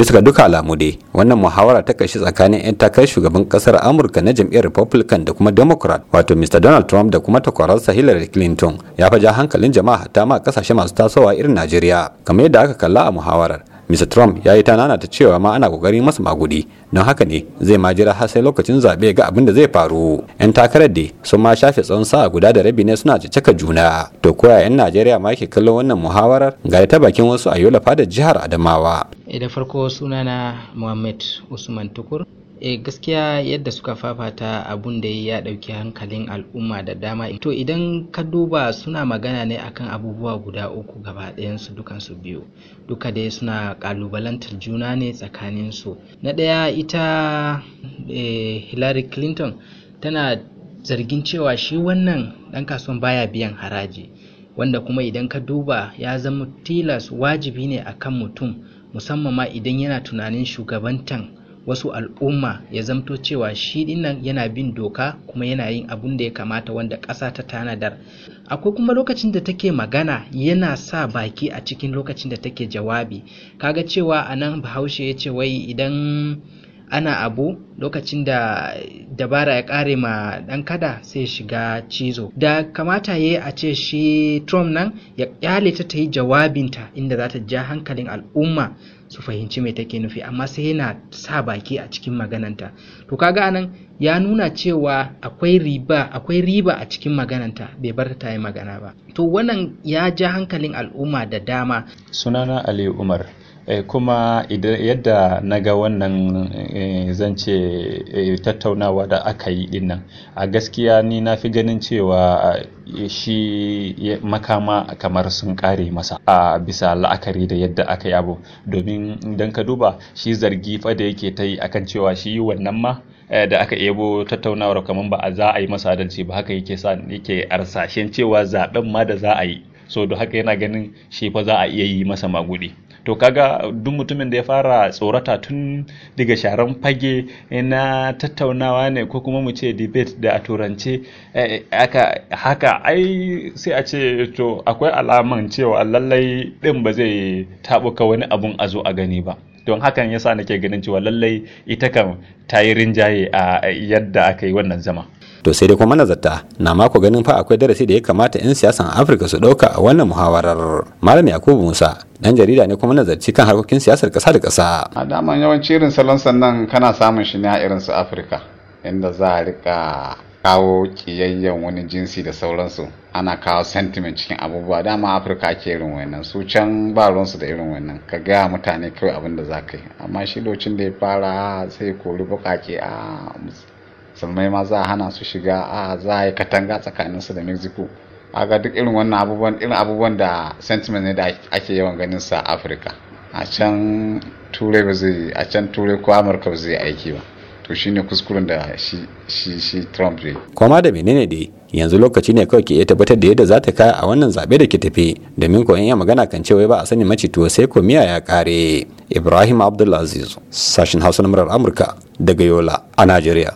bisa ga duka alamu dai wannan muhawara ta kashi tsakanin 'yan takarar shugaban kasar amurka na jam'iyyar republican da kuma democrat wato mr donald trump da kuma takwararsa hillary clinton ya fi ja hankalin jama'a ta ma kasashe masu tasowa irin najeriya kamar yadda aka kalla a muhawarar Mr. Trump ya yi tanana ta cewa ma ana kokarin masa magudi don haka ne zai ma jira har sai lokacin zaɓe ga abin da zai faru. 'Yan takarar da su ma shafe tsawon sa'a guda da rabi ne suna cicaka juna. To koya 'yan Najeriya ma ke kallon wannan muhawarar ga ta bakin wasu a yola da jihar Adamawa. Eh, da farko sunana Muhammad Usman Tukur. E gaskiya yadda suka fafata abun da ya dauki hankalin al'umma da dama. To idan ka duba suna magana ne akan abubuwa guda uku gaba ɗayansu dukansu biyu. Duka dai suna kalubalantar juna ne tsakanin su. Na ɗaya ita e, Hillary Clinton tana zargin cewa shi wannan ɗan kasuwan baya biyan haraji. Wanda kuma idan ka duba ya zama tilas wajibi ne akan mutum musamman ma idan yana tunanin shugabantan wasu al'umma ya zamto cewa shi dinnan yana bin doka kuma yana yin abun da ya kamata wanda ƙasa ta tanadar akwai kuma lokacin da take magana yana sa baki a cikin lokacin da take jawabi kaga cewa anan bahaushe ya ce wai idan ana abu lokacin da dabara ya kare ma dan kada sai shiga cizo da kamata ya a ce shi trump nan ya kyale ta yi jawabinta inda za ta ja hankalin al'umma su fahimci mai take nufi amma sai yana sa baki a cikin magananta to kaga anan ya nuna cewa akwai riba akwai riba a cikin magananta bai bar ta yi magana ba to wannan ya ja hankalin al'umma da dama sunana ali umar Eh, kuma yadda na ga wannan eh, zan ce eh, tattaunawa da aka yi dinnan a gaskiya ni na fi ganin cewa shi makama kamar sun kare masa a bisa la'akari da yadda aka yi abu domin idan ka duba shi zargi fa da yake ta yi akan cewa shi yi wannan ma da aka ebo tattaunawar kamar ba a za a yi masa adalci ba haka yake sa yake arsashen cewa zaben ma da za a yi so da haka yana ganin shi fa za a iya yi masa magudi to kaga duk mutumin da ya fara tsorata tun daga sharan fage na tattaunawa ne ko kuma mu ce debate da a turance eh, eh, haka ai sai a ce to akwai alaman cewa lallai din ba zai tabuka wani abun a zo a gani ba don hakan yasa nake ganin cewa lallai ita kan ta yi rinjaye a yadda aka yi wannan zama to sai dai kuma manazarta na mako ganin fa akwai darasi da ya kamata 'yan siyasan afirka su ɗauka a wannan muhawarar malam yakubu musa dan jarida ne kuma nazarci kan harkokin siyasar kasa da kasa a daman yawanci irin salon sannan kana samun shi ne a irin su afirka inda za a rika kawo kiyayyen wani jinsi da sauransu ana kawo sentiment cikin abubuwa dama afirka ake irin wannan su can ba ruwansu da irin wannan ka gaya mutane kawai abin da za ka yi amma shi lokacin da ya fara sai kori bukake a musulmai ma za a hana su shiga a za a yi katanga tsakanin su da mexico a ga duk irin wannan abubuwan irin abubuwan da sentiment ne da ake yawan ganin sa africa a can turai ba zai a can turai ko amurka ba zai aiki ba to shine kuskuren da shi shi shi trump zai koma da menene dai yanzu lokaci ne kawai ke iya tabbatar da yadda za ta kaya a wannan zaɓe da ke tafi domin ko iya magana kan cewa ba a sani mace tuwo sai ko miya ya kare ibrahim abdulaziz sashin hausa na murar amurka daga yola a najeriya